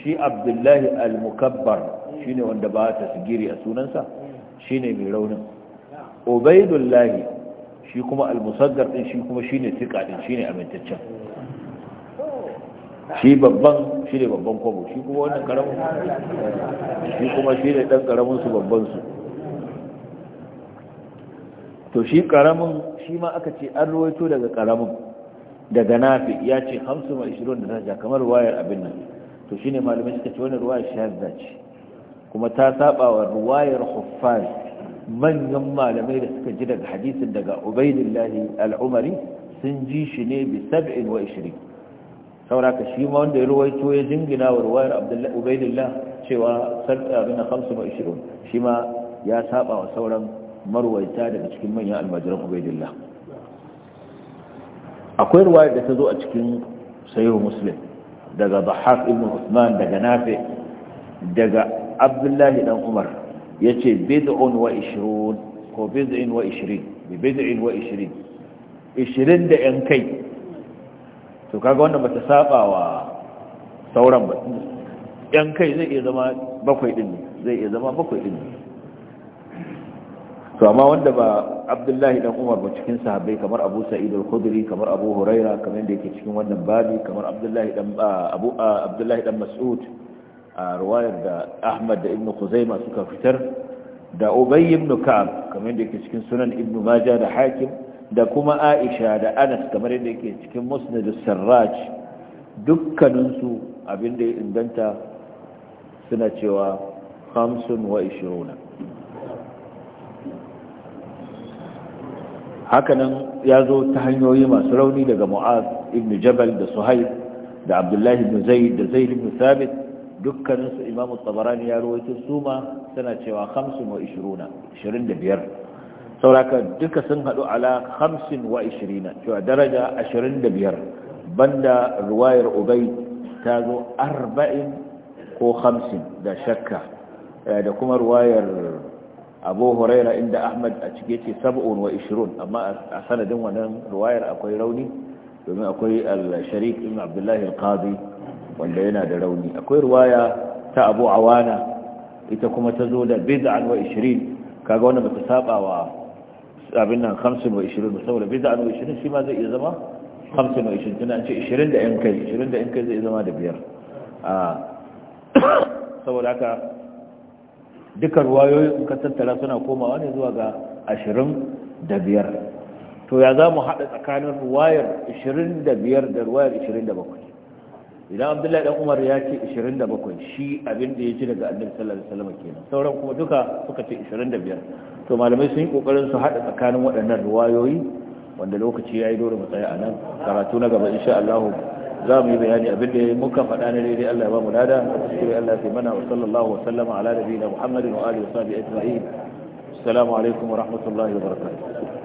shi abdullahi al-mukabbar shine wanda ba ta sigiri a sunansa Shi ne mai raunin lahi shi kuma almusaddar ɗin. din shi kuma shi ne tikaɗin, shi ne amintaccen shi babban shi ne babban kwabo shi kuma wannan karamin shi kuma shi ne dan karamin su babban su to shi karamin shi ma aka ce an ruwaito daga karamin daga nafi ya ce 50 da daraja kamar wayar abin nan to shi ne malamai suka ce wannan shi ya zace kuma ta saba wa ruwayar huffaz manyan malamai da suka ji daga hadisin daga ubaidillahi al'umari sun ji shi ne bi Saura ka shi ma wanda ya ruwaito ya jingina wa ruwayar ubaidillah cewa abin na 25 shi ma ya saba wa sauran marwaita daga cikin manyan almajiran ubaidillah akwai ruwayar da ta zo a cikin sayo muslim daga bahaf ibn usman daga nafi daga abdullahi dan umar ya ce bid'un wa ishirin, ko bid'in wa ishirin bi bid'in wa ishirin ishirin da yan kai to kaga wannan bata saba wa sauran ba yan kai zai iya zama bakwai din zai iya zama bakwai din to amma wanda ba abdullahi dan umar ba cikin sahabbai kamar abu sa'id al-khudri kamar abu huraira kamar da yake cikin wannan babi kamar abdullahi dan ah, abu ah, abdullahi dan mas'ud a ruwayar da ahmad da ibn kuzaima suka fitar da ubay ibn ka'ab kamar yadda yake cikin sunan ibn majah da hakim da kuma aisha da anas kamar yadda yake cikin musnad as-sarraj dukkaninsu abinda ya inganta suna cewa 25 hakanan ya zo ta hanyoyi masu rauni daga mu'az ibn jabal da suhaib da abdullahi ibn zaid da zaid ibn thabit dukkaninsu imamu tabarani ya ruwaito su ma suna cewa da biyar sauraka duka sun haɗu ala 25 cewa daraja 25 banda ruwayar ubai ta zo arba'in ko hamsin da shakka eh, da kuma ruwayar abu huraira inda ahmad a cike ce 27 amma a sanadin wannan ruwayar akwai rauni domin akwai al-sharik ibn abdullahi al-qadi wanda yana da rauni akwai ruwaya ta abu awana ita kuma ta zo da bid'an wa 20 kaga wannan bata saba wa abin nan 50 wa 20 saboda bid'an wa 20 shi ma zai iya zama 50 wa 20 tana ce 20 da yan kai 20 da yan kai zai zama da biyar a saboda haka dukkan ruwayoyi in ka tattara suna komawa ne zuwa ga 20 da biyar to ya za mu haɗa tsakanin ruwayar 25 da ruwayar 27 idan abdullahi dan umar ya ce 27 shi abin da ya ji daga annabi sallallahu alaihi wasallam kenan sauran kuma duka suka ce 25 to malamai sun yi kokarin su hada tsakanin waɗannan ruwayoyi wanda lokaci yayi dole mu tsaya anan karatu na gaba insha Allah za mu yi bayani abin da muka faɗa na daidai Allah ya ba mu lada sai Allah ya mana wa sallallahu wa sallama ala nabiyina Muhammadin wa alihi wa sahbihi ajma'in assalamu alaikum wa rahmatullahi wa barakatuh